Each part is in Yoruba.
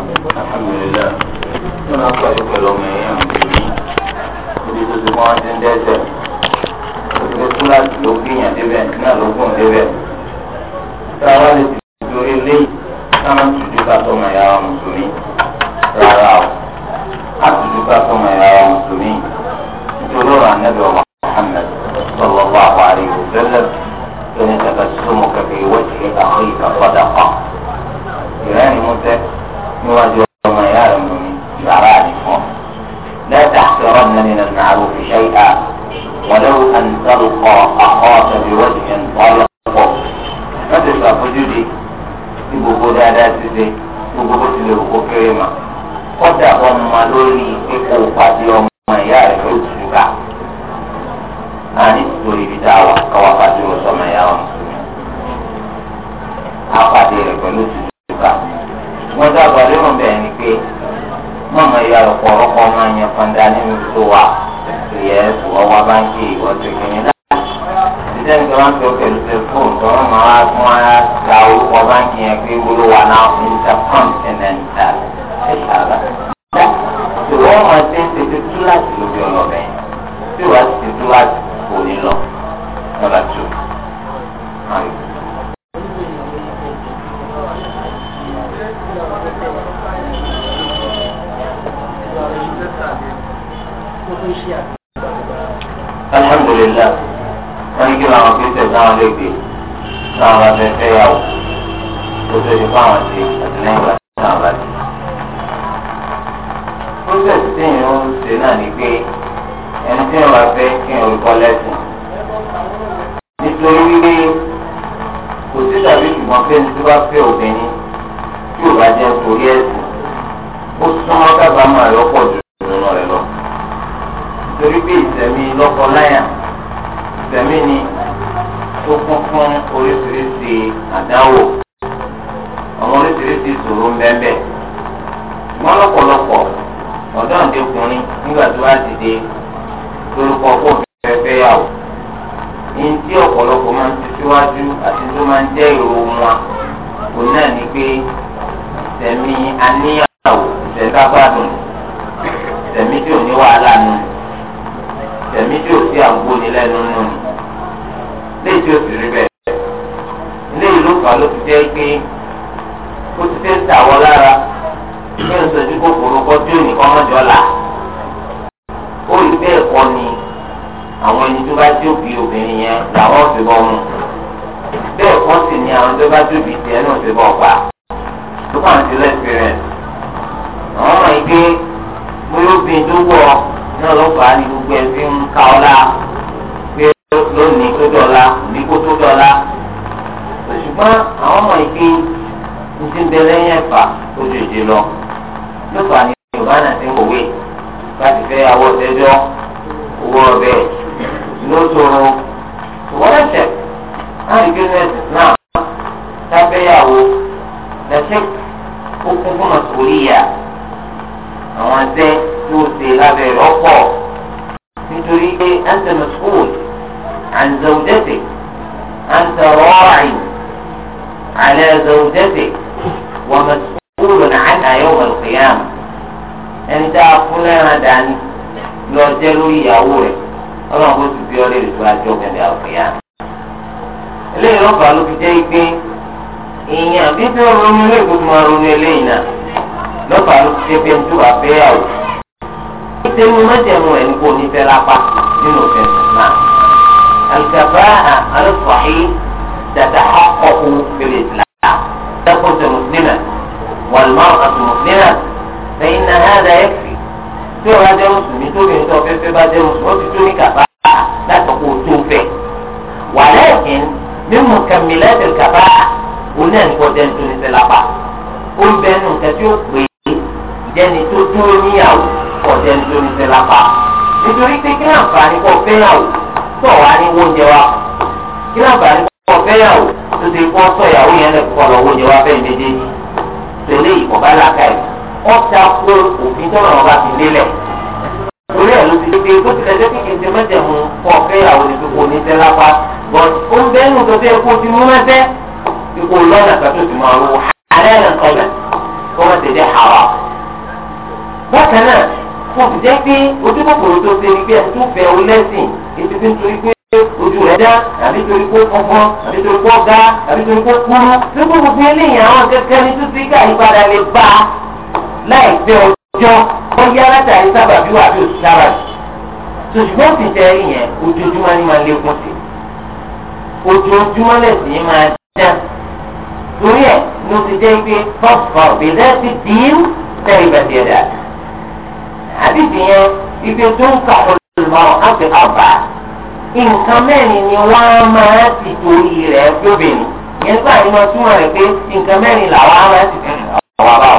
alhamdulilayi tí wọn kọ ẹgbẹ lọmọ ẹyẹ mùsùlùmí níbi tó ti wọn ti ń dẹsẹ òṣèré kíláàsì ló gbìyàn débẹ̀ náà ló gùn débẹ̀ táwa lè ti torí léyìí táwọn tùdú ká tọmọ ẹyà wa mùsùlùmí rárá o àtùdú ká tọmọ ẹyà wa mùsùlùmí nítorí ọ̀rọ̀ anábẹ ọmọ Muhammad sallallahu alaihi wasallam tó ní tàbí sọmọ kẹfì wọ́n ti rí àkọyìká fọdà kan níwájú ọmọ ìyá rẹ̀ mú mi yàrá rẹ̀ fọ́. lẹ́tà sọ̀rọ̀ nínú ìlànà àrò fi ṣe ìhà wọléwò àǹtọ́rù kọ àkọ́ tàbí wọ́ọ̀dì ẹ̀ ń tọ́lọ́ pọ̀. wọ́n ti ṣàfojúdi ní gbogbo dáadáa ti ṣe gbogbo bó tilẹ̀ òkú kéré mà. kọ́dà ọmọ lórí pípọ̀ pàdé ọmọ ìyá rẹ̀ lójú mọ̀mọ́ ìyá ọ̀pọ̀ ọ̀rọ̀pọ̀ máa ń yan kọ́ńdà nínú tó wà ìyẹ́ ìwọ́ wa bá ń ṣe ìwọ́ tó kí ni láti. ṣíṣe ń gbọ́n tó pẹ̀lú tẹlifóònù tó wọ́n máa wá fún ara ta orúkọ báńkì yẹn pé wúlò wà náà intercontinental ẹ̀ṣára. tu wọ́n máa ṣe ń ṣe tó túláàsì lóbi ọlọ́bẹ̀ tí wọ́n ti túláàsì kò ní lọ. nọ́mbà alhamdulilayi wọn ní kí wọn àwọn kristian táwọn lè gbé táwọn bá fẹ́ fẹ́ yàwó tó tó di fáwọn ṣe àtìlẹ́yìn ìgbà táwọn bá ó súnmọ́ kábàámọ̀ rẹ̀ ọ̀pọ̀ jù nínú rẹ̀ torí bí ìtẹ̀mí lọ́kọ láyà ìtẹ̀mí ni tó kún fún oríṣiríṣi àdánwò àwọn oríṣiríṣi ìṣòro ń bẹ́ẹ̀ wọ́n lọ́pọ̀lọpọ̀ ọ̀dọ́ àdékùnrin nígbà tó bá dìde lórúkọ kó fẹ́fẹ́ yà wò ní tí ọ̀pọ̀lọpọ̀ máa ń ti síwájú àti tó máa ń jẹ́ èrò wọn kò náà ní pé tẹ̀mí aníyàwó tẹ̀mí agbádùn tẹ̀mí tí ò ní wàhálà nù ẹ̀mí tí ò sí àgbo ni lẹ́nu nù ní léyìí tí ó sì rí bẹ́ẹ̀ léyìí ló fà ló ti jẹ́ pé ó ti fẹ́ tàwọ́ lára ní ìsọjú kòkòrò kọjú ìnìkan mọ́jọ́ là ó rí bẹ́ẹ̀ kọ́ ni àwọn ẹni tó bá tí ó fi obìnrin yẹn làwọn fi bọ́ mu bẹ́ẹ̀ kọ́ sì ni àwọn tó bá tó fi tiẹ̀ náà fi bọ́ pa tó kàn sí lẹ́sìrẹ́ǹsì àwọn ọmọ yìí gbé bóyá obìnrin tó wọ̀ ọ́ náà ló ní gbogbo ẹ ń ká ọ الكفاءة على الصحيح تتحقق في الإسلام تكون مسلمة والمرأة مسلمة فإن هذا يكفي tí o bá jẹ́ mùsùlùmí tó lè sọ fẹ́ fẹ́ bá jẹ́ mùsùlùmí ó ti tó ní kàfá láti kó o tó fẹ́. wàlẹ́kìn mímu kàmílẹ́tì kàfá oní ẹ̀ńkọ́jẹ́ tó ní sẹ́lápá ó ń bẹ́ẹ̀ nù kẹ́tí ó pè é ìjẹ́ni tó dúró níyàwó kọ̀jẹ́ tó ní sẹ́lápá nítorí pé kí àǹfààní kọ̀ fẹ́yàwó tó wà ní owó jẹ wa kí láǹfààní kọ́ fẹ́yàwó tó ti kọ́ sọ ìyàwó yẹn lẹ̀ kọ́ lọ owó jẹ wa fẹ́ méjèèjì tẹ̀lé ìkọ̀bá làkà ẹ̀ ọ́ ta kó òfin tó ràn ọba fi lélẹ̀ torí ẹ̀ ló ti gbé tó ti lẹ́jọ́ kíkì ti mẹ́jẹ̀ mu kọ́ fẹ́yàwó ní kíkó ní tẹ́ lápá but ó ń bẹ́ẹ̀ nù tó fẹ́ kó ti mú mẹ́tẹ́ kíkó lọ́nà kàtó ti máa wọ alẹ́ nìkan lẹ̀ kó wọn sì jẹ́ pé ojú kòkòrò tó ṣe ni pé ẹni tó fẹ́ olẹ́sìn ètò tí ń torí pé ojú rẹ̀ dá àbí torí pé ọgbọ́n àbí torí pé ọ̀gá àbí torí pé kúrú tó kó gbogbo eléyìí àwọn kẹ́kẹ́ ní tó ti ká ìpadà lè bá a láì fẹ́ ọjọ́ wọ́n yá látàrí sábàbí wà bí òṣù sábà ṣùgbọ́n sì jẹ́ ìyẹn ojoojúmọ́ ni máa lékún sí ojoojúmọ́ lẹ́sìn yìí máa dá torí ẹ̀ ló ti jẹ́ pé fọ́fọ́ bẹ̀rẹ̀ ti dín tẹ́lifẹ̀tì ẹ̀dá àdìsí yẹn ibi tó ń kà olùmọ̀ àti ọba nǹkan mẹ́rin ni wọ́n máa ti torí rẹ̀ lóbìnrin yẹn nípa ìmọ̀ túmọ̀ rẹ̀ pé nǹkan mẹ́rin làwọn máa ti fi ọ̀wá bá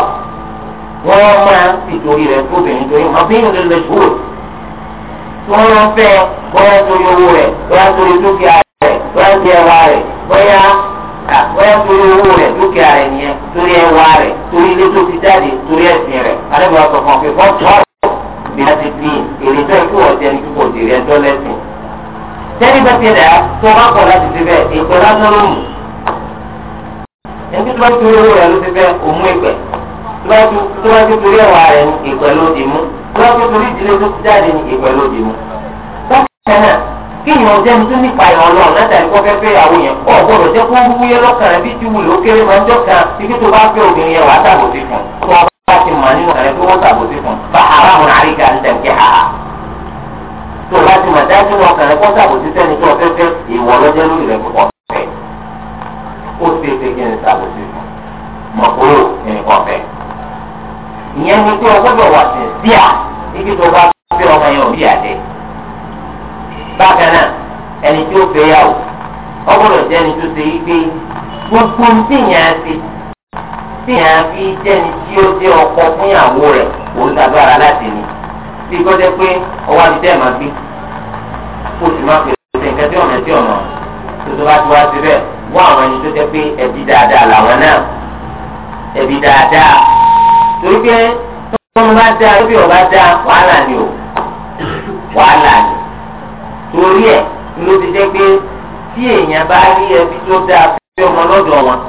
wò wọ́n máa ti torí rẹ̀ lóbìnrin torí wọn bí nǹkan lè ṣòro tí wọ́n lọ fẹ́ bóyá torí owó rẹ̀ bóyá torí dúkìá rẹ̀ bóyá torí ẹwà rẹ̀ bóyá bóyá torí owó rẹ̀ dúkìá rẹ̀ nìyẹn torí ẹwà rẹ̀ torí ilé tó ti jáde torí ẹ̀sìn rẹ̀ alẹ́ bí wọ́n sọ fún ọ pé wọ́n tọ́ ìyá ti fi èrè tó ikú ọ̀jẹ̀ ní kíkọ̀ òjèrè ẹjọ́ lẹ́sìn. sẹ́ni bá ti rẹ̀ á tó bá kọ̀ láti ti bẹ́ẹ̀ èpè lásán ló mú. ẹni tó bá ti owó rẹ̀ ló ti bẹ́ẹ̀ òmú ìpẹ́ tó bá ti torí ẹ̀wà rẹ̀ ní ìpẹ́ ló di mú tó bá ti torí ìdílé tó ti jáde ní ìpẹ́ ló di mú. bákan náà kí ìyàn jẹ́ mi tó nípa ìyàn látàrí kó fẹ́ àwọn èèyàn pọ̀ gbọ́dọ̀ jẹ́ kó wúwúyé lọ́kàn rẹ̀ bí ti wùlò kéré máa ń jọ́ kan ibi tó bá fẹ́ obìnrin yẹn wàá tàbó sí fún un. tó o bá ti mọ̀ nínú rẹ̀ pé wọ́n tàbó sí fún un. bá aráàlú pé ha tó o bá ti mà dájú wọn kàn kó sàbòsí sẹ́ni tó o fẹ́ fẹ́ ìwọ lọ́jọ́ lórí rẹ̀ púpọ̀ fẹ́ ó ti ṣe kí ni sàbòsí fún mọ̀ kúrò ní nǹkan fẹ́. ìyẹn ni pé o gbọ́dọ̀ wà sí bíà ibi tó bá fẹ́ ọmọ yẹn ò bí àdé. bákan náà ẹni tí ó fẹ́ yà wò ó gbọ́dọ̀ jẹ́ ẹni tó ṣe yí gbogbo ní ti tí fi jẹ́ni tí ó jẹ́ ọkọ fún rẹ̀ òun tàbí ara láti ní bí gbọ́dọ̀ pé ọwọ́ àti tẹ́ẹ̀ máa gbé kó o sì máa pè é nǹkan tí ọ̀nà tí ọ̀nà tuntun bá ti wá sí bẹ́ẹ̀ wọ́n àwọn ẹni tó jẹ́ pé ẹbí dáadáa làwọn náà ẹbí dáadáa torí pé tọ́mọ bá dáa lóbi ọba dáa wàhálà ni o wàhálà ni torí ẹ̀ ló ti jẹ́ pé tí èèyàn bá rí ẹbí tó dáa fẹ́ ọmọ lọ́dọ̀ wọn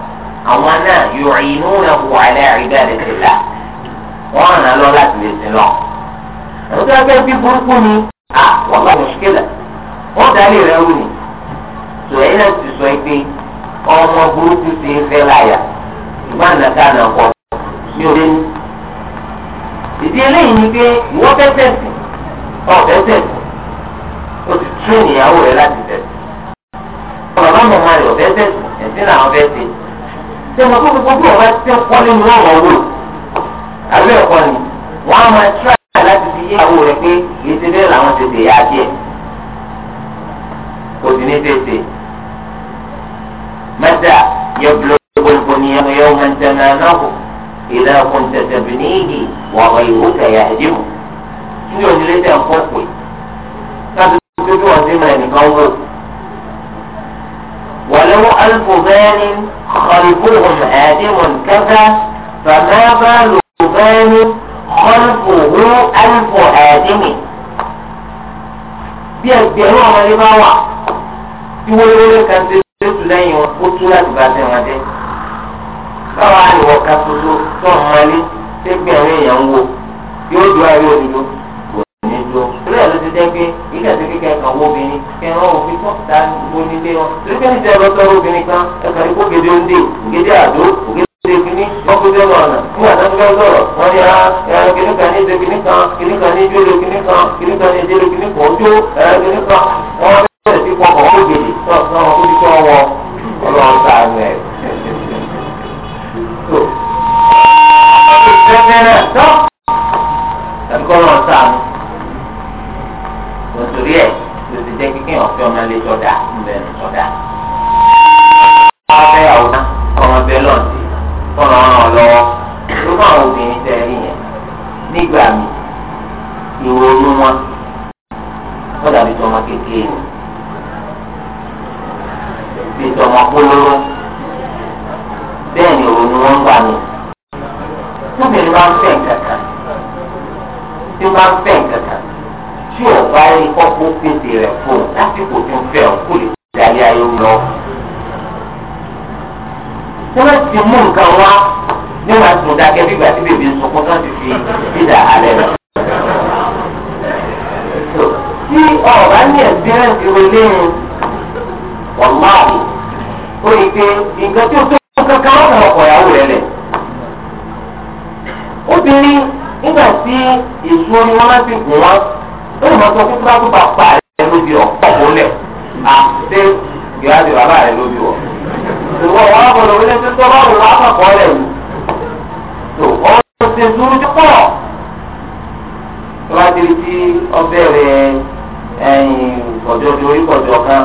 àwọn náà yóò rìn inú rẹ̀ wọ àlẹ́ àrídà rẹ̀ sílá wọ́n ràn lọ láti lè sin lọ ọjọ́ ẹgbẹ́ bí burúkú ni à wọ́n bá mùsùkìlà wọ́n dálé rẹ̀ wù ní. sọ èyí náà ti sọ pé ọmọ burúkú ti ń fẹ́ láyà ìgbà nàka nà kọ́ ní òde ní. ìdí eléyìí ni pé ìwọ fẹ́ tẹ̀sí ọ̀ fẹ́ tẹ̀sí o ti tún ìyàwó rẹ̀ láti tẹ̀sí. bàbá mọ̀ máa yọ̀ fẹ́ tẹ̀sí ẹ̀sìn làwọn fẹ́ tẹ̀sí sẹ́wọ̀n tó gbogbo bí ọba ti tẹ́ kọ́ nínú ọ̀rọ̀ wò àbí ẹ̀kọ́ ni wọ́n á máa tíra ìyàwó rẹ̀ pé yìí ti bẹ́ẹ̀ làwọn ti tèyà díẹ̀ kò sí ní tètè mẹ́ta yẹ bulogbo ni yẹn yẹ wọn tẹ náà náà kù ìlà ọkùnrin tẹ̀tẹ̀ bí ní ìdí wà wọ ìwò tẹ̀yà ẹ̀dí mu ní onílé tẹ̀ ń kó pè káàdì tó tó wọn sí mọ̀ ẹ̀nìkan wò wàlẹ́wọ́ alùpùpẹ́ẹ́ni kọ̀ọ̀lùpùpù ẹ̀dí mu kẹta fàmẹ́ bá lùpùpẹ́ẹ́ni. kọ́lùbùrú àlùbù ẹ̀ẹ́dínmì bí ẹgbẹ̀rún ọmọdé bá wà tí wọléwọlé kan ṣe tó tu lẹ́yìn wọn ó tú láti bá tẹ̀ wọn dé báwa ni wọ́n ka tó tó tó ọmọlé tẹ́gbẹ̀rún èèyàn ń wo yóò dúró àrí òdodo kò ní dúró torí ẹ̀ ló ti dẹ́ pé ilé ẹ̀sìn kíkẹ́ kan wo obìnrin kẹrin òfin tó ta gbóni lé wọn torí kẹ́ni tẹ́ ẹ lọ sọ́rọ́ obìnrin kan ẹ̀ka ikú gèdè ń dè gèdè àdó gèdè segini ọkùnrin ọmọ ọ̀nà fún àdáńgbẹ́ ọlọ́rọ̀ wọn ni ara ah, kìnìún kan ní ìdè kìnìún kan kìnìún kan ní ìdílé kìnìún kan kìnìún kan ní ìdílé kìnìún kan ojú kìnìún kan wọn bẹ̀rẹ̀ sí pọkàn wọn gbèdè sọ̀tún àwọn kó dikẹ́ wọ ọlọ́run tá a rẹ̀. Bẹ́ẹ̀ni tọ́ ẹ̀kọ́ náà sànù lọ́sọ̀rí ẹ̀ lọ́sọ̀rí jẹ́ kíkẹ́ ọ̀fẹ́ ọmọ ilé sọ̀dá ń bẹ̀rẹ̀ sọ̀dá. pèsè rẹ̀ fún un lásìkò tó fẹ́ ọ kó lè dalẹ̀ ayé lọ. tí wọ́n ti mú nǹkan wá nígbà tó dákẹ́ bí gbàtí bèbè ń sọkún tó ti fi dídà alẹ́ rẹ̀. tí ọ̀rọ̀ ní ẹ̀sìrẹ́ǹsì olóyún wàláàbù ó rí i pé tó tó kankan lọ́kàn ọkọ̀ ìyàwó rẹ̀ lẹ̀. obìnrin nígbà tí èso ni wọ́n máa fi gùn wọ́n ó mọ̀ sọ fún fúlàfún bàbá rẹ̀ lóbi ọ̀ pọ̀pọ̀ lẹ̀ à ṣé ìyá ti bàbá rẹ̀ lóbi ọ̀. ìwọ ìwà ọ̀gbọ̀dọ̀ wọlé tó tọ́ báwo wà á kọ̀kọ́ rẹ̀ wù. tó ọ̀rọ̀ ṣe dúró tó pọ̀. tọ́lá ti ti ọbẹ̀ rẹ̀ ẹ̀yìn kọ̀jọ́ bí orí kọ̀jọ́ kan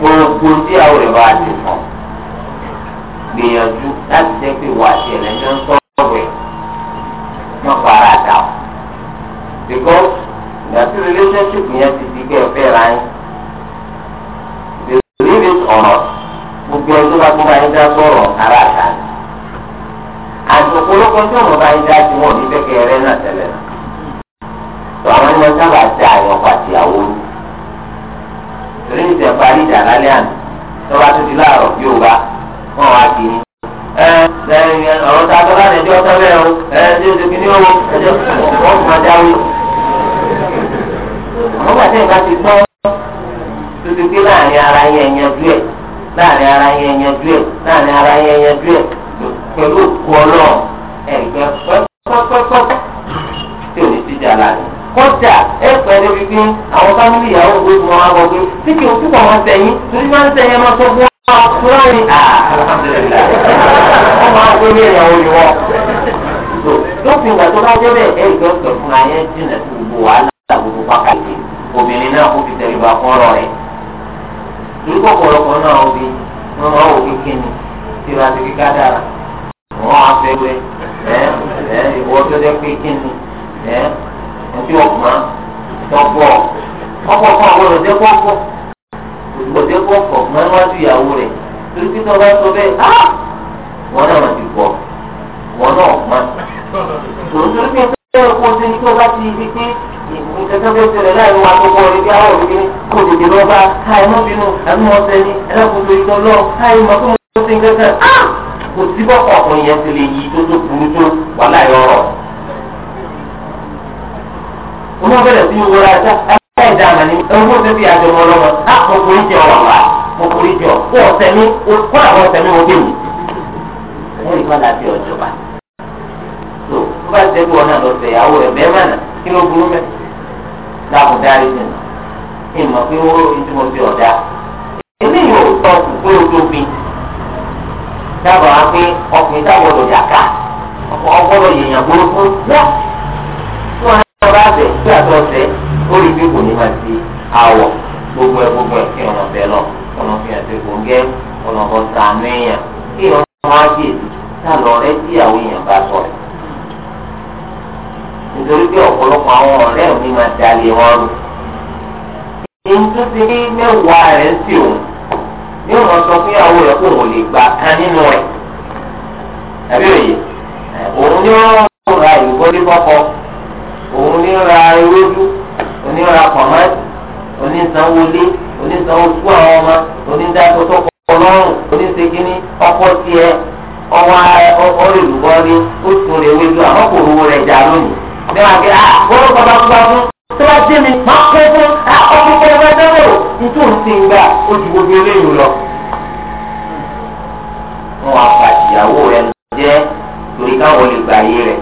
gbogbo tí àwọn rẹ̀ bá ti sọ gbìyànjú láti jẹ́ pé wà á ti ẹ̀rẹ́ ní sọ́ọ̀rọ̀ rẹ̀ wọ́n fara dà ọ́ because ìgbà tí relationship yẹn tó fún wa fúláì wọ́n máa fún ilé ìyàwó yìí wọ́n. lópin ìgbà tó bá jẹ́ bẹ́ẹ̀ ẹ̀ ìjọ sọ fún ayé jìnnà sí gbogbo wàhálà gbogbo pàkàlì obìnrin náà kó fi tẹ̀lé ba rẹ̀. irú ọ̀pọ̀lọpọ̀ náà obi wọ́n máa wò kékeré ni tí wọ́n ti fi ká dára wọ́n á fẹ́ wẹ́ ẹ́ ẹ́ ìwọ tó jẹ́ ni ẹ́ ẹ́ tí ọ̀gbọ́n tọ́gbọ́ kò dé kọ̀ọ̀kọ̀ mọ́ níwájú ìyàwó rẹ̀ torí tí tọ́ bá sọ bẹ́ẹ̀ á ah! wọn náà ti pọ̀ wọn náà má. tòótọ́ bí ẹgbẹ́ ẹ̀kọ́ ṣe ní tọ́ bá ti ibi pé ìtẹ́tẹ́ bẹ́ẹ̀ ṣẹlẹ̀ láì wá tó kọ́ orí bí àwọn òbí kò tètè lọ bá káì mọ́ bínú àbí mọ́ sẹ́ni ẹlẹ́kùnrin ìtọ́ lọ káì mọ́ tó mọ́ sí kẹ́kẹ́ á kò sí bọ́kọ̀ ọkùnrin yẹn ti lè yí tó tó burú tó wà láì ọ̀rọ̀. wọ́n bẹ̀rẹ̀ sí wọra fọ́ọ̀ dàmà ní ẹgbẹ́ tó fi àjọ wọn lọ́wọ́ á mo forí jẹ ọ̀rọ̀ wa mo forí jẹ ọ̀ kó ọ̀sẹ̀ mi kó àwọn ọ̀sẹ̀ mi mo dé mi. mo rí kọ́lá bí ọ̀jọ̀ba tó tó bá ṣe bí wọn náà lọ sẹ̀ ìyàwó rẹ̀ bẹ́ẹ̀ mọ̀nà kí ló burú mẹ́ láàbù dárí sí mi ìmọ̀ pé ó ti mo fi ọ̀dà èmi yóò tọ́ kùkú olómi dábàá pé ọkùnrin táwọn olùdàkà ọgbọ́dọ̀ rí pé kò ní máa ti àwọ̀ gbogbo ẹ̀ gbogbo ẹ̀ kí ọ̀nà bẹ̀ lọ ọ̀nà fi hàn pé kò ń gẹ́ ọ̀nà kan ta mẹ́yàn kí ọ̀nà wọn á kí èsì tá lọ rẹ tí àwọn èèyàn bá sọ rẹ̀. nítorí pé ọ̀pọ̀lọpọ̀ àwọn ọ̀rẹ́ mi máa dalẹ̀ wọn rú. èyí tó ti rí mẹ́wàá rẹ̀ ń sì òun ní ọ̀nà sọ fún ìyàwó rẹ̀ kó òun lè gbà kan nínú rẹ̀. àbí òye òun ní wọ́n ra ìwọ́lé kọ́kọ́ òun ní ra ewédú onírà pọ̀mọ́ onísanwóolé onísanwó sú àwọn ọmọ onídàkótó ọlọ́run oníṣègínní ọkọ tiẹ̀ ọwọ́ ọrẹ́lùbọ́ ni ó tún lè wé ju àwọn kòrò rẹ̀ jà lónìí. ní wàá gbé ah wọ́n ló bàbá gbà fún tí wọ́n dé mi máa kó fún ọkọ̀ kẹrẹ wọn dẹ́rẹ́ o nítorí òun ti ń gbà ó ju gbogbo eléyìí lọ. wọn wàá fà ìyàwó rẹ̀ jẹ́ torí káwọn lè gbà yé rẹ̀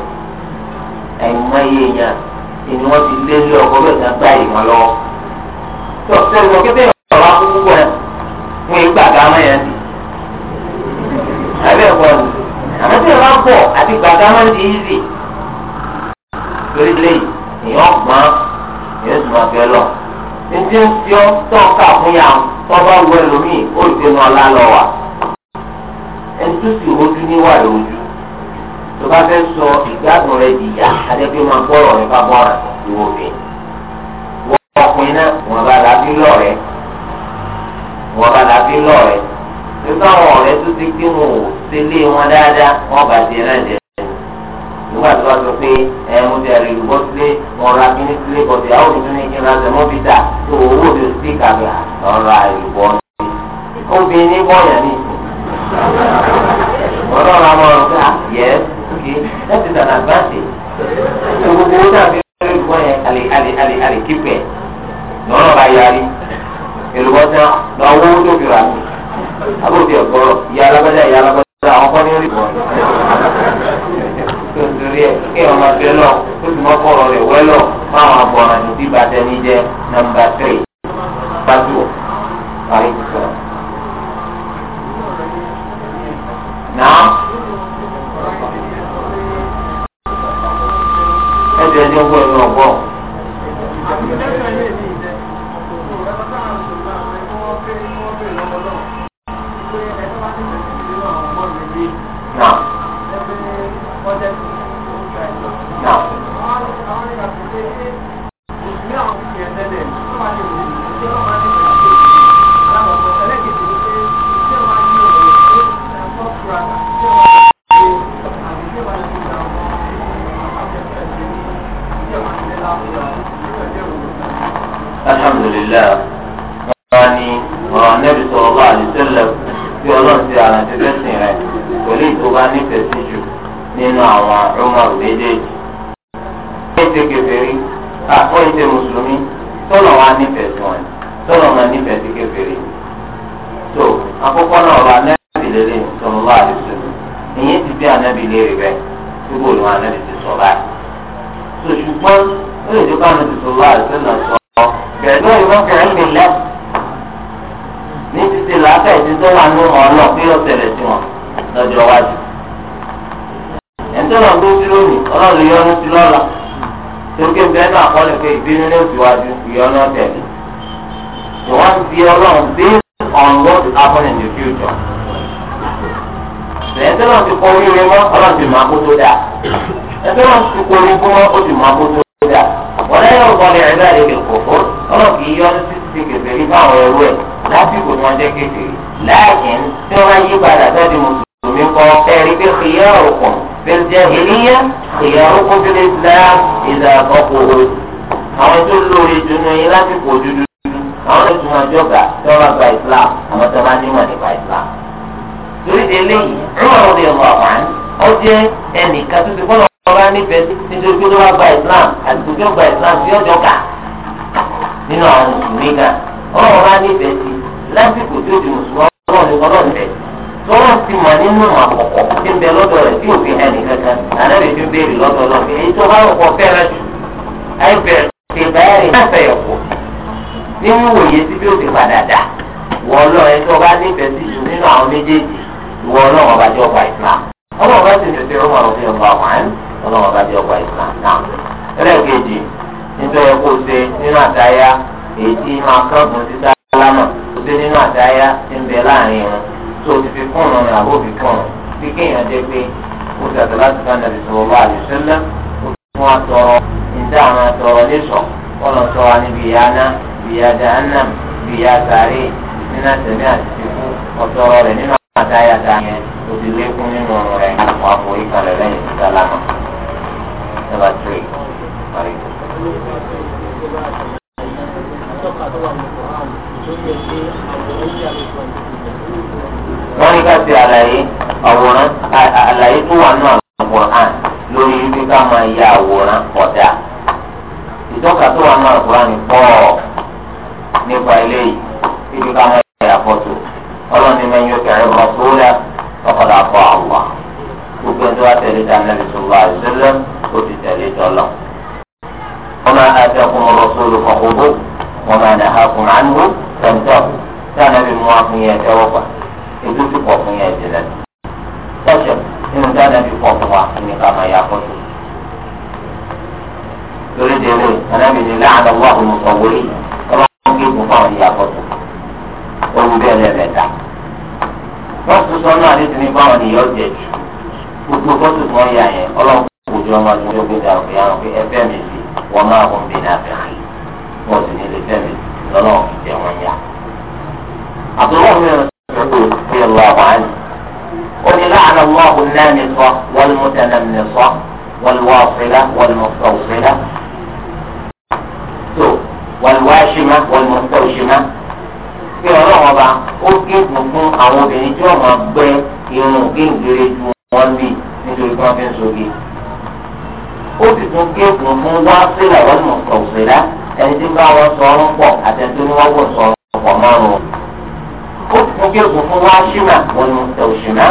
ẹ̀yìn mọ́ iye yẹn ìní wọn ti lé lé ọkọ bẹ́ẹ̀ náà gbá ìwọn lọ. tó sẹ́yìn lọ kébé ọ̀rọ̀ akókó wọn fún ìgbà gámà yẹn ti. àbẹ́ ẹ̀kọ́ ni àmọ́ tí ìwọ́n bọ̀ àti ìgbà gámà ti yí sí. torí lẹ́yìn èèyàn gbọ́n èèyàn sì máa fẹ́ lọ. títí ń fi ọ́ tó ń kà fún yà wọ́n bá wọ ẹlòmíì ó ti nu ọlá lọ wà. ẹni tó sì rojú lójú tó bá fẹ́ sọ ìgbádùn rẹ dìyà adébí máa gbọ́rọ̀ rẹ bá bọ́ra ìwò bẹ̀. wọ́n ọkùnrin náà wọ́n bá làbí lọ́ọ̀rẹ́ wọ́n bá làbí lọ́ọ̀rẹ́ nígbà àwọn ọ̀rẹ́ tó ti gbé wọn ò sílé wọn dáadáa wọ́n bá tiẹ̀ náà jẹ́ nígbà tó bá sọ pé ẹ mo ti àlè lùbọ́ sílé wọn ra kíní sílé bọ̀dẹ̀ àwọn òbí ní kí n ra tẹ̀mọ́ bí ta tó owó mi sí kàgbà ọ̀rọ̀ àìlùbọ́ obìnrin bọ̀yàn ní ọlọ́run àwọn ọ̀gá yẹ́sì òkè that is an advantage ṣe gbogbo owó dàbí olùkọ́ yẹn àlè àlè àlè àlè kíkẹ́ lọ́rọ̀ bá yarí èlùbọ́ tán lọ́wọ́ owó tó fi rà mí àbòbí ọ̀gbọ́rọ̀ ìyá alágbádá ìyá alágbádá àwọn kọ́ ní orí bọ̀ tó ń torí ẹ̀ kí ọmọ abẹ lọ tó ti mọ́ kọ́rọ̀ rẹ̀ wẹ́lọ̀ fáwọn abọ̀ràn ní bíbá tẹ́ni jẹ́ nọmba tírì pàtó parí sọ̀rọ̀. Now. and your work. on based on what will happen in the future. ẹsẹ̀ náà ti kọ́ oríire mọ́ ọlọ́run ti máa kó tó dáa ẹsẹ̀ náà ti kọ́ orí fún mọ́ ó ti máa kó tó dáa wọ́n lẹ́yìn ọ̀gbọ́n ní ẹ̀rọ ìdíje kò fún ọlọ́run kì í yọ ní títí kẹfẹ́ rí fáwọn ẹrú ẹ̀ lásìkò tí wọ́n jẹ́ kéfì láàyìn tí wọ́n yí padà sọ́ọ́ di mùsùlùmí kọ́ ẹ̀rí pé kìyà òkun fil jahiliya kìyà òkun fil islam ìdàgbọ́kọ̀ àwọn tó lórí dunu àwọn ló tún máa jọ̀gà tí wọ́n bá gba islam àmọ́ tí wọ́n bá nímọ̀ nípa islam. torí de eléyìí Umar radiyallahu anhu ó jẹ́ ẹnìkan tó ti kọ́ lọ́wọ́ bá nífẹ̀ẹ́ nítorí pé ló bá gba islam àti tó gba islam tí ó jọ̀gà nínú àwọn mùsùlùmí gan ọlọ́wọ́ bá nífẹ̀ẹ́ sí lásìkò tó di mùsùlùmí ọlọ́ọ̀nìfẹ̀ẹ́ tọ́lá ti mà nínú àkọ́kọ́ tí ń bẹ lọ́dọ̀ rẹ̀ tí òfin ẹnì kankan ànábì fi ń béèrè lọ́dọ̀ lọ́fẹ̀ẹ́ èyí tó bá rọ̀ pọ̀ fẹ́ràn jù àìbẹ̀rẹ̀ ṣèbáyà nínú òye tí bí ó ti padà dà wọ́n lọ ẹ tó bá nífẹ̀ẹ́ sí ju nínú àwọn méjèèjì wọ́n lọ wọn bá jẹ́ ọgbà Islam ọlọ́wọ́n bá sì ń tètè ọmọ rẹ̀ fi ọgbà wọn ọlọ́wọ́n bá jẹ́ ọgbà Islam náà. ẹlẹ́ẹ̀kejì nítorí kó ṣe nínú àtayá èyí tí máa kángun sí sálámà kó ṣe nínú àtayá ti ń bẹ láàrin wọn tó ti fi fún ọ̀nà àbó fi fún ọ̀nà bí kéèyàn jẹ́ pé ó ṣàtọ̀ láti fún ànàbì sọ̀rọ̀ wá àdìsẹ́lẹ̀ ó tún wá tọrọ ìdá àwọn àtọrọ níṣọ̀ ọ̀nà ìyá jahannam ju ìyá sáré nínú àtẹ̀mí àti tìkú ọ̀tọ̀rọ̀ rẹ̀ nínú àtàyà ta yẹn o ti lékún nínú ọ̀rọ̀ rẹ̀ wà fún ìkàlẹ̀ lẹ́yìn tí sálámà. Number three. Sorry. wọ́n ní ká ṣe àlàyé àwòrán àlàyé tó wà náà àwòrán lórí wípé ká máa ya àwòrán ọ̀dà ìtọ́ka tó wà náà àwòrán ni pọ́ọ̀ nípa eléyìí títí ká mọ ẹ̀yà àpọ̀tò ọlọ́ni mẹ́yìn òkè rẹ̀ bọ̀ tó lẹ̀ ọkọ̀dà àpọ̀ àwà gbogbo ẹni tó bá tẹ̀lé dánilẹ́bí tó wà ìṣẹ̀lẹ̀ ó ti tẹ̀lé tọ́lọ̀. wọ́n máa ń àti ọkùnrin lọ sóòlù kọ̀kọ́gbó wọ́n máa ń àhà kùnrin àánú tẹ̀ǹtẹ̀ dánilẹ́bí mú àfihàn ẹ̀tẹ́ wọ́pà ètò ti pọ̀ fún yẹn ìṣẹ̀lẹ̀. tọ́ṣẹ̀ nínú dánilẹ́bí pọ̀ fún kí oògùn fáwọn ìyàbọ̀ tó olú bẹ́ẹ̀ lẹ́ẹ̀mẹ́ta. wọ́n tún sọ náà nítorí fáwọn ìyọ́ jẹ jù gbogbo fọ́tò tí wọ́n yà yẹn ọlọ́run kò jọ máa tún lóògbé dà òkè àwọn pé ẹfẹ́ mi sí wọn máa wọn bè ní abẹ́rẹ́ wọn sì ní ilé fẹ́ mi lọ́nà ìjẹ wọn yá. àbúrò mi ò sọ pé ọlọ́ àwọn àná ó ní láàánú wọn kò náà ní sọ wọ́n mú tẹ̀lé mi ní sọ wọ́n wá ọ̀fẹ́lá wàlúwàṣìmá wàlúwàṣìmá pé ọlọ́run ọba ó gégùn fún àwọn obìnrin tí wọ́n máa gbẹ irun géńgéré ju wọn bí nítorí kí wọ́n fi ń soge. ó sì tún gégùn fún wáṣílà wọn mọ̀ kọ̀ọ̀sílá ẹni tí bá wọn sọ ọrùn pọ̀ àtẹ̀tẹ̀ ni wọ́n wọ̀ sọ ọrùn pọ̀ márùn-ún. ó sì tún gégùn fún wáṣímà wọn mọ̀ òṣìmá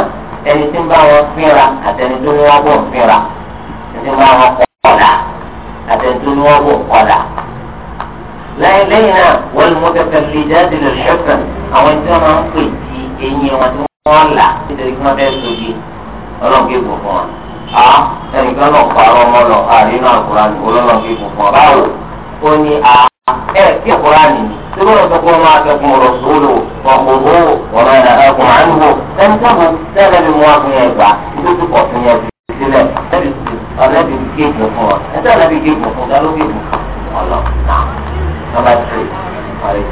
ẹni tí bá wọn fínra àtẹ̀tẹ̀ ni wọ́n wọ̀ fínra ẹni tí wọ́n wọ̀ ọ̀dà lẹ́yìn lẹ́yìn náà wọ́n lè mú kẹfẹ́ lè jáde lè ṣẹ́fẹ̀ àwọn tí wọ́n máa ń pè tí eyín wọn tí wọ́n là nítorí kí wọ́n fẹ́ sojú ọlọ́run kí èkó fún wa. a ẹnìkan náà pààrọ̀ ọmọ lọ àárín náà kúrò àná ọlọ́run kí èkó fún wa. báwo ó ní a ẹ kí èkó rà tí wọ́n sọ pé wọ́n máa kẹ́kọ̀ọ́ ọ̀rọ̀ sóòlò ọ̀gbọ̀gbọ̀ ọ̀rọ̀ ẹ̀kùn àánúwò ẹni tó kù sẹ́lẹ̀ ni wọ́n nọ́mbà tírì parí.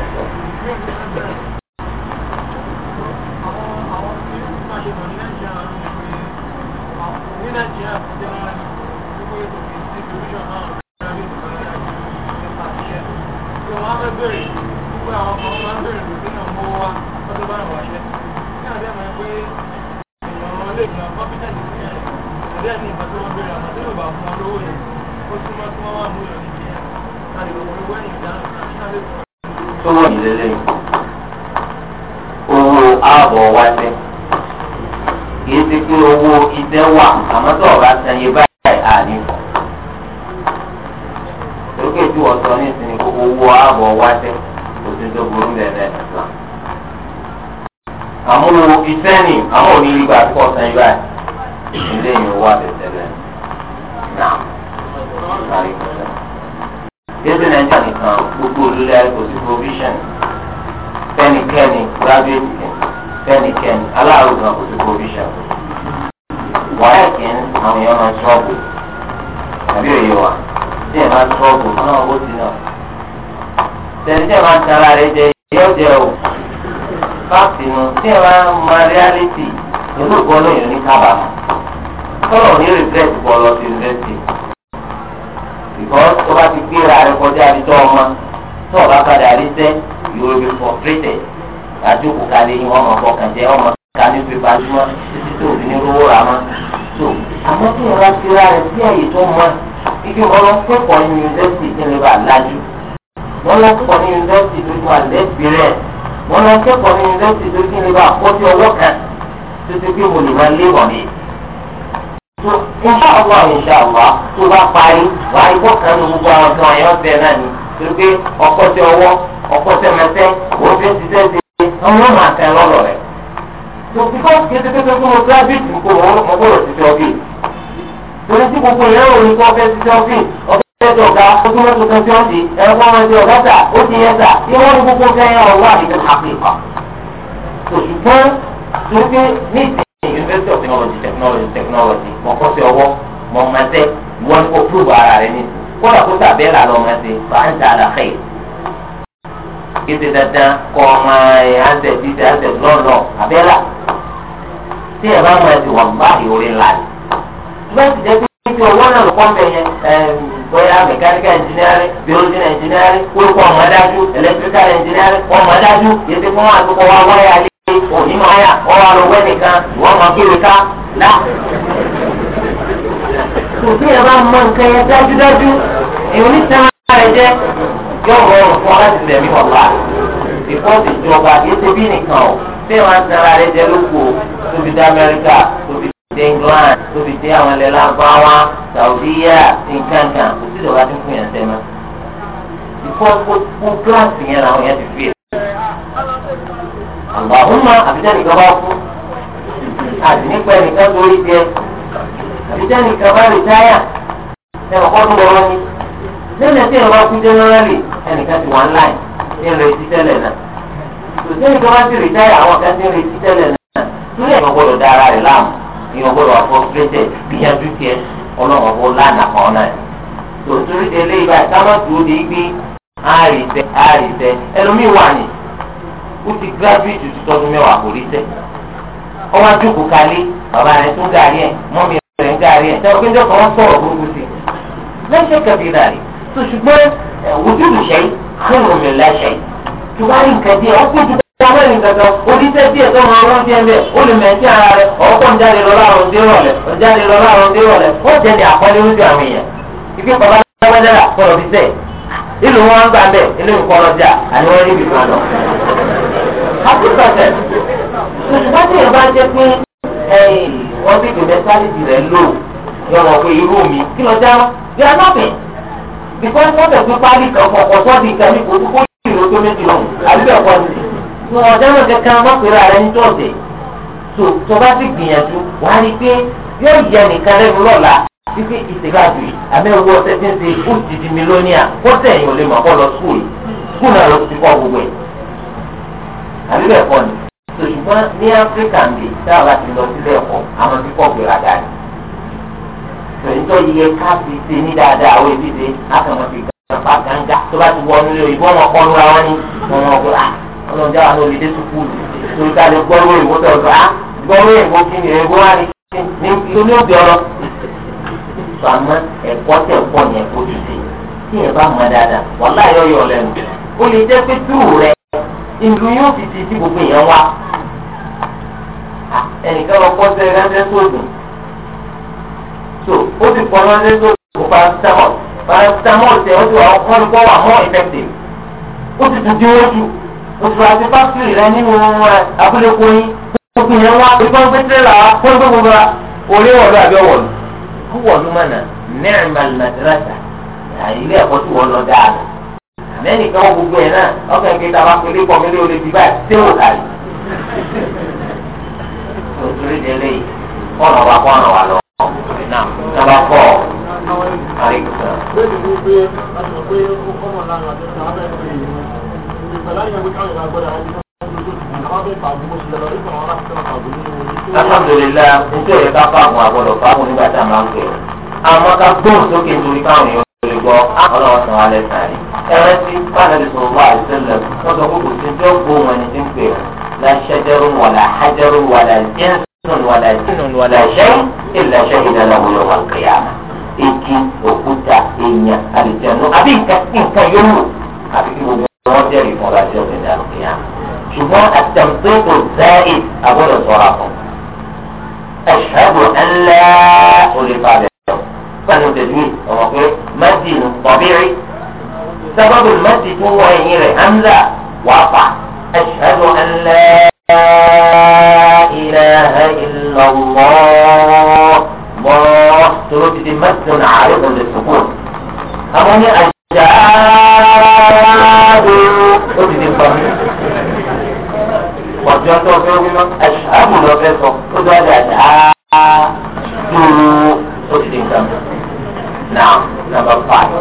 Nàìjíríà ti dẹ́wọ́n. sọ́ọ̀bù náà ó ti yàn. tẹ̀síẹ̀ máa tara rẹ̀ jẹ yóò jẹ o fáàpì nù tí ẹ máa ma reality ìlú kan náà yẹn ní kábàámọ̀ tọ́lọ̀ ní regret pọ̀ lọ sí university because tó bá ti gbéra rẹ kọjá àdìjọ́ ọmọ tó o bá padà rí sẹ́ you will be frustrated àdúgbò kalẹ̀ yín ọmọ ọkàn jẹ́ ọmọ ká ní pépà jùmọ̀ títí tó o fi ní rówó rà mọ́ so àmọ́ tó o bá gbéra rẹ sí àyè tó mọ́ ẹ ibi wọn lọ kẹ́kọ̀ọ́ ní yunifásitì tí ní bá lájú wọn lọ kẹ́kọ̀ọ́ ní yunifásitì tó ti wà lẹ́gbẹ̀rẹ̀ wọn lọ kẹ́kọ̀ọ́ ní yunifásitì tó ti ní bá kọ́sí ọwọ́ kan tó ti pé mo lè máa lé wọ̀n mi. tó insha Allah insha Allah tó bá parí wà á ikọ́ kan ní gbogbo àwọn kan ẹ̀yọ́ bẹ́ẹ̀ náà ni tó pé ọkọ́ sí ọwọ́ ọkọ́ sẹ́mẹsẹ́ wọ́n fi ṣiṣẹ́ ṣe ọmọ màá kẹ́ lọ́lọ́ rẹ̀. tó fi kọ́ kété kété fún mo torí tí gbogbo yẹn ò ní kó ọfẹ́ ti sẹ́ọ̀fì ọfẹ́ ti ọ̀gá ó tún mọ́tò kan sẹ́ọ̀fì ẹ̀rọ ọmọ ti ọ̀gá tà ó ti yẹ tà ìwọ́n ní gbogbo kẹ́yìn ọ̀wọ́ àdìgbẹ́ àpèkọ́. òṣùpọ̀ tó gbé ní ìsìn university of technology technology technology mọ̀ kọ́ sí ọwọ́ mọ̀ ọmọ ẹsẹ̀ ìwọ́n ní kó prove ara rẹ̀ ní kódà kó tàbẹ́ là lọ́mọ ẹsẹ̀ fáńtà àlàkẹ́ kéde dandan kọ ọmọ ẹ ansẹ bíi ansẹ lọ́nà àbẹ́là tí ẹ bá mọ ẹsẹ̀ wọ̀ bá ìwúrí ńlá ni láti jẹ́ pé kí ọwọ́ náà lọ́kọ́ bẹ̀ yẹn bóyá mẹkáníkà ẹnjìnírì bíọ́lójì ẹnjìnírì orúkọ ọ̀mọ́dájú ẹlẹ́tíríkà ẹnjìnírì ọ̀mọ́dájú yẹtí fún wọn àtúkọ̀ wa wáyà lé onímọ̀ ayà ọ̀rọ̀ àlọ́wẹ́ nìkan ìwọ́n mọ̀ kiri ká lá. òbí ẹ̀ bá mọ nǹkan yẹn dájúdájú èyí oníṣẹ́ rẹ̀ jẹ́ yọ̀wọ̀ fún ọ láti lẹ̀mí ọ̀la ìfọ́sì ìjọba yẹtí bí nìkan ò fẹ́ràn sara rẹ̀ jẹ́ lóko tóbi dá Amẹ́ríkà tóbi ti England tó fi dé àwọn ilẹ̀ lágbáwá Saudiya nkankan kò sí ìjọba tó fún yẹn sẹ́nu. ìfọ́ kó gíláàsì yẹn làwọn yẹn ti fi èsì. àgbàhùnmá àbíjẹ́ nìkan bá kú àti nípa ẹnìkan torí jẹ àbíjẹ́ nìkan bá rìtáyà ẹ̀rọ kọ́ tó lọ́wọ́ ni. lẹ́nu ẹ̀sìn ìrọ̀bá kú jẹ́nẹ́rẹ́lì ẹnìkan ti wà ń láì ní ẹ̀rọ etí tẹ́lẹ̀ náà. tòṣẹ́ nìkan bá ti rìtáyà àwọn kan ti ń retí tẹ́lẹ̀ náà ìyẹn gbọ́dọ̀ àfọ gbẹdẹ gbìyànjú tiẹ̀ Ọlọ́run ọbọ lánàá kan náà tòtúrú de lé ibà ká má dúró de gbé àrìsẹ àrìsẹ ẹlòmíì wà ní ó ti gíráfíìtì tó tọdún mẹ́wàá kò rí sẹ ọwọ́ àjòkò kalẹ̀ bàbá rẹ̀ tó gàrí ẹ mọmi rẹ̀ ń gàrí ẹ sọ pé njọ kan sọ̀rọ̀ burúkú sí lẹsẹ kẹfì náà rí tó ṣùgbọ́n wòjú lùṣẹ yìí fún mi lẹsẹ yìí tó bá rí nǹkan bí ẹ ó kó ju sábà nìkankan oníṣẹ́ díẹ̀ tó ara rẹ̀ ń jáde jáde ó àwọn èèyàn ìlú wọn ń gbà tó ọjà náà kankan mọ́kùnrin ààrẹ ní tọ́sẹ̀ tó tó bá ti gbìyànjú wà á rí i pé yóò yẹ nìkan lẹ́nu lọ́la títí ìsìnkàdù yìí àmẹ́wò ọ̀sẹ̀ tí ń ṣe ó ti di mílíọ̀nìà ó tẹ̀yìn ò lè mọ̀ kọ́ lọ skul skul náà lọ ti kọ́ gbogbo ẹ̀ àbí bẹ́ẹ̀ kọ́ ni ṣùgbọ́n ní áfíríkà ń bè tá a bá ti lọ sílé ẹ̀kọ́ àwọn tí kọ́ gbéra dáa ni tòyítọ́ yíyẹ ká fi ṣe ní dáadáa àwọn èdè ṣe á kàn wọ́n fi gbà pa gángá tó bá ti wọ nílé ìbọn wọn kọ́ nura wọn ni ọlọ́run jáwá ní olùdé sukùlù torí ká lè gbọ́ lóyìn wọ́n tọ̀tọ̀ á gbọ́ lóyìn wọ́n kí ni èèwọ̀ wá ní ní ìlú òbí ọ̀rọ̀. sọ àmọ́ ẹ̀kọ́ tẹ̀ pọ̀ ní ẹ̀kọ́ tó ṣe tí ẹ̀ bá mọ̀ dáadáa wọ́n láyọ̀ yọ̀ lẹ́nu o lè jẹ́ pé túù rẹ̀ ìlú yóò fi ti ti gbogbo èèyàn wá. ẹnìkan lọ kọ́ sẹ́yìn ránṣẹ́ sóògùn so ó ti pọ̀ ránṣẹ́ sóògùn paracetamol paracetamol tẹ̀ ó ti wà ọkọ́ ní kọ́ wà mọ́ effective ó ti tún dín ó jù oṣù àti fásitì rẹ ní wọn abúlékò yín òkùn yẹn wá pé kọ́ńpé tẹ́lá kọ́ńpé gbogbo wa orí wọ̀lú àbí ọ̀wọ̀lú kó wọ̀lú mọ̀nà ni'mal madrasa ilé ẹ̀kọ́ tí wọ́n lọ dáa lọ. àmẹ́nìkan wọ gbogbo ẹ̀ náà ọkọ̀ ẹ̀kẹ́ tá a bá pélé pọ̀ mí lé olè bíbá ẹ̀ tí ò láyé. òtúrí délé kọ́nà wa kọ́nà wa lọ. nàbà kọ́ ọ alhamdulilayi nítorí ẹ̀yẹ ká fáwọn àgbọ̀dọ̀ fáwọn nígbà tá a máa ń pè ọ́ àmọ́ ká gbóhùn sókè nítorí káwọn èèyàn lè gbọ́ ọlọ́wọ́ sàn wálé sàrí ẹ̀rẹ́ tí báyìí sọ̀rọ̀ wá àìsílẹ̀ wọ́n sọ pé kò sí tí ó gbóhùn ẹni tí ń pè ọ́ la ṣẹ́jẹ́rú wàlà hajaru wàlà jẹ́sùn wàlà jẹ́sùn wàlà ṣẹ́yìn ìlà ṣẹ́yìn ìdáná wọlé wà kéyàmà igi òkúta èèyàn àlìjẹ̀nu àbí nǹkan yóò wù àbí kí مراجعه مراجعه الى القيامه شوفوا التمطيط الزائد اقول وراكم اشهد ان لا خلق له فهم تجميل اوكي مد طبيعي سبب المد هو غير همزه وقع اشهد ان لا اله الا الله ما ترد مد عارض للسكون أمامي أشهد ó ti di nǹkan mi. ọ̀jọ́ tó fẹ́ wí náà ẹ̀ṣáàbù fẹ́ sọ ó dá dà dá dúró ó ti di nǹkan mi. now number five.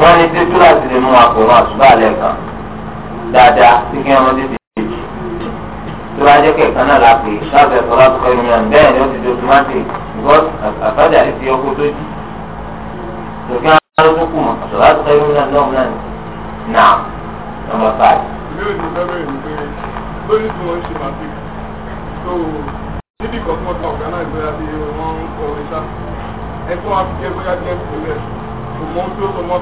wọ́n ní tí túláàsì lè mú àpò àtúbà lẹ́ẹ̀kan dáadáa tí kí wọ́n ti bá jẹ́ kẹ̀kẹ́ náà la pè láti ẹ̀sọ́ láti kọ́ ènìyàn bẹ́ẹ̀ ni ó ti di otomátì because àtàjà ti fi ọkọ̀ tó jù. Tòkí àwọn tó kù mọ̀ ọ̀sọ̀ láti kọ́ ènìyàn náà náà ni. Now, number five. Ìlú òní sábẹ́ ìlú pé lórí tí wọ́n ṣe máa fi so níbi kan ta ọ̀gá náà ìgbéra bí wọ́n ń kọ orin Ẹ tó wá fi jẹ́ bóyá jẹ́ ìpínlẹ̀ kò mọ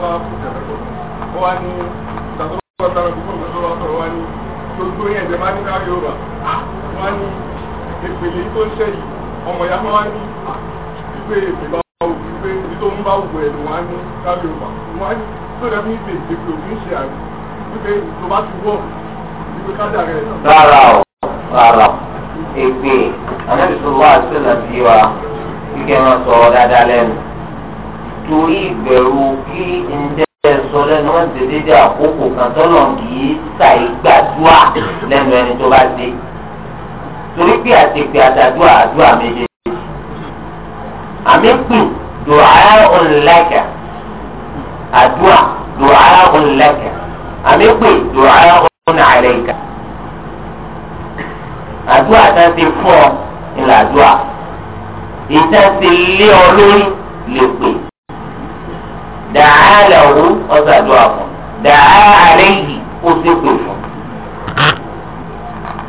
gbogbo yẹn ẹ̀jẹ̀ máa ní káwé ọ̀rọ̀ wọn ní ìpele tó ń ṣe yìí ọmọ ìyá wọn ní ìpè ìpèlọ òwò ìpè ibi tó ń bá òwò ẹ̀ ló wọn ní káwé ọ̀rọ̀ wọn ní tó lẹ́nu ìpè ìpè òfin ṣe àrùn ìpè tó bá ti wọ̀ ìpè kájà rẹ̀. rárá o rárá èpè àmọ́bísọ̀wá àṣẹlá bí wa kíkẹ́ wọn sọ dáadáa lẹ́nu torí ìbẹ̀rù kí ǹjẹ́ ẹ sọ lẹ́nu wọn ti dédé àkókò kan tọ́lọ̀ kì í ṣàì gbàdúrà lẹ́nu ẹni tó bá dé torí pé àtẹ̀pẹ̀ àtàdúrà àdúrà méje. àmì pè dùrà ọ̀nlẹ́kà àdúrà dùrà ọ̀nlẹ́kà àmì pè dùrà ọ̀nàlẹ́kà àdúrà náà ti fún ọ ìlà àdúrà ìtàn ti lé ọ lórí lè pè dàá làwù ọ̀sàdúrà fún dàá àlẹ́yìí ó sì pè fún.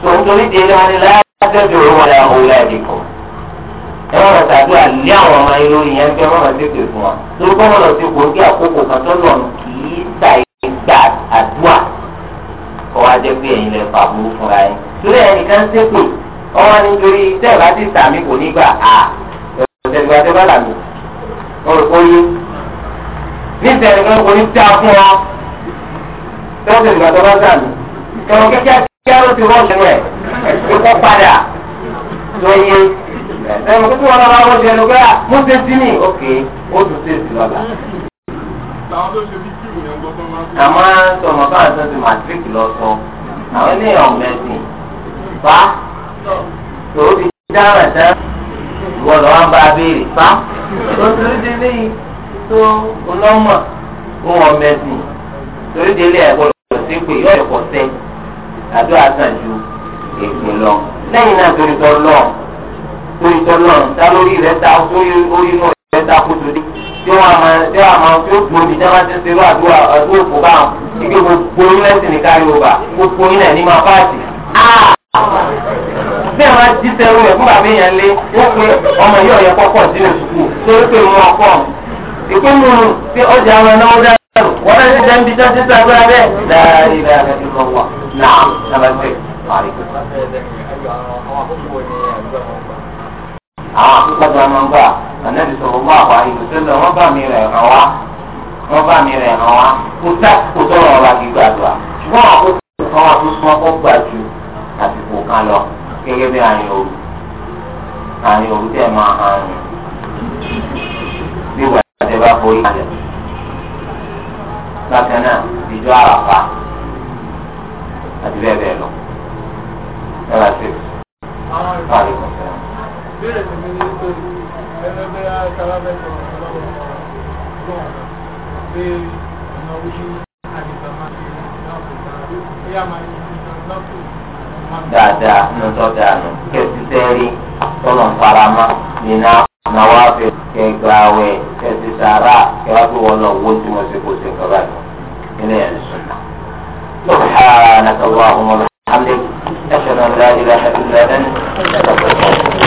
tòótórí di ẹni wọn ni látẹ́jú òun wọn làwọn òun láti kọ. ẹ wọ́n lọ sàdúrà lé àwọn ọmọ yìí lórí yẹn pé wọ́n lọ sí pè fún wa. torí pé wọ́n lọ sí kò sí àkókò kan tó lọ kì í sàyè gba àdúrà. ọwọ́ ajẹ́ pé ẹ̀yin lè fà burú fúnra yín. torí ẹnìkan ṣépè ọwọ́ nítorí tẹ́ẹ̀ bá ti sàmì kò ní gbà á. ọ̀sẹ̀ níta ẹ̀gbọ́n kò ní tí fún ọ tọ́sí ìgbà tó bá sàmì ẹ̀wọ̀n kẹ́kẹ́ kẹ́rù ti rọ̀ nínú ẹ̀ padà tó yé ẹ̀wọ̀n kí wọ́n bá wọ́n jẹun pé mo ṣe sí ni ok ó tún ṣe sí lọ́la. àmọ́ sọ ma bá àtọ́ ti matric lọ sọ àwọn ènìyàn mẹ́sìn fa tòun ti dáhùn ẹ̀sẹ̀ ìwọ lọ́wọ́ bá a béèrè fa tó ti rí di léyìí tó ọlọ́mọ fún ọmọ ẹ̀sìn torí délé ẹ̀gbọ́dọ̀ sí pé yọ ẹ̀kọ́ sẹ́ àdó àtàn ju èpè lọ lẹ́yìn náà torí tọ́ lọ torí tọ́ lọ ta lórí rẹ̀ ta orí orí náà rẹ̀ ta kó torí tí wọ́n àmọ́ tí wọ́n àmọ́ tí ó tó omi tí wọ́n ti ṣerú àdúrà àdúrà òkú bá wọn ike gbogbo yín lẹ́sìn ní kárí ọba gbogbo yín náà ní máa ah! bá àti bí àwọn ti sẹ́rù ẹ̀ fún bàbá èèyàn lé wọ́n pe ọmọ yìí ọ̀yẹ́ kọ́kọ́ sínú sùkúù torí pé wọ́n kọ́ ọ̀hún ìpinnu tí ọjà àwọn ẹnáwó dáhùn wọn náà ti dẹ́ níbi tí wọ́n ti ń sàgbéra bẹ́ẹ̀ láàrin ilẹ̀ àti ìmọ̀wá náà nàbàtẹ́ àwọn akókòtò àmọ́gbà ànábi sọ̀rọ̀ wá àwọn àyùbùsẹ́lẹ̀ wọ́n bá mi rẹ̀ hàn wá wọ́n bá mi rẹ̀ hàn wá kó tá kó tọrọ ọ̀rọ̀ àgbègbàdùà ṣùgbọ́n àkókò kan wà tó sún ọkọ̀ gbà ju àsìkò kan lọ gẹ́gẹ́ bí àyìn òru àyìn òru tẹ̀ máa hàn yín bá forí kalẹ̀ bákan náà ìjọ àràfà àti bẹ́ẹ̀ bẹ́ẹ̀ lọ. Yàrá ṣe fàlẹ́ kọ̀ọ̀kan. Béèrè tí mi ní pé ẹgbẹ́ bẹ́ẹ̀ á sábà bẹ́ẹ̀ sọ̀rọ̀ lọ́wọ́ lọ́wọ́ pé ọ̀nà orí àgbègbè máa ń lọ sí ìyá máa ń lọ sí dáadáa nínú tọ́jà nù kí tọ́lọ̀ ń faramọ́ nínú àwọn àwọn àfẹ́ kẹgbàáwẹ̀ kẹsì sàrà kẹwà pé wọn náà wó tí wọn ṣe kó ṣe nǹkan báyìí nínú ẹ̀ sùnà. سبحانك اللهم وبحمدك أشهد أن لا إله إلا أنت أستغفرك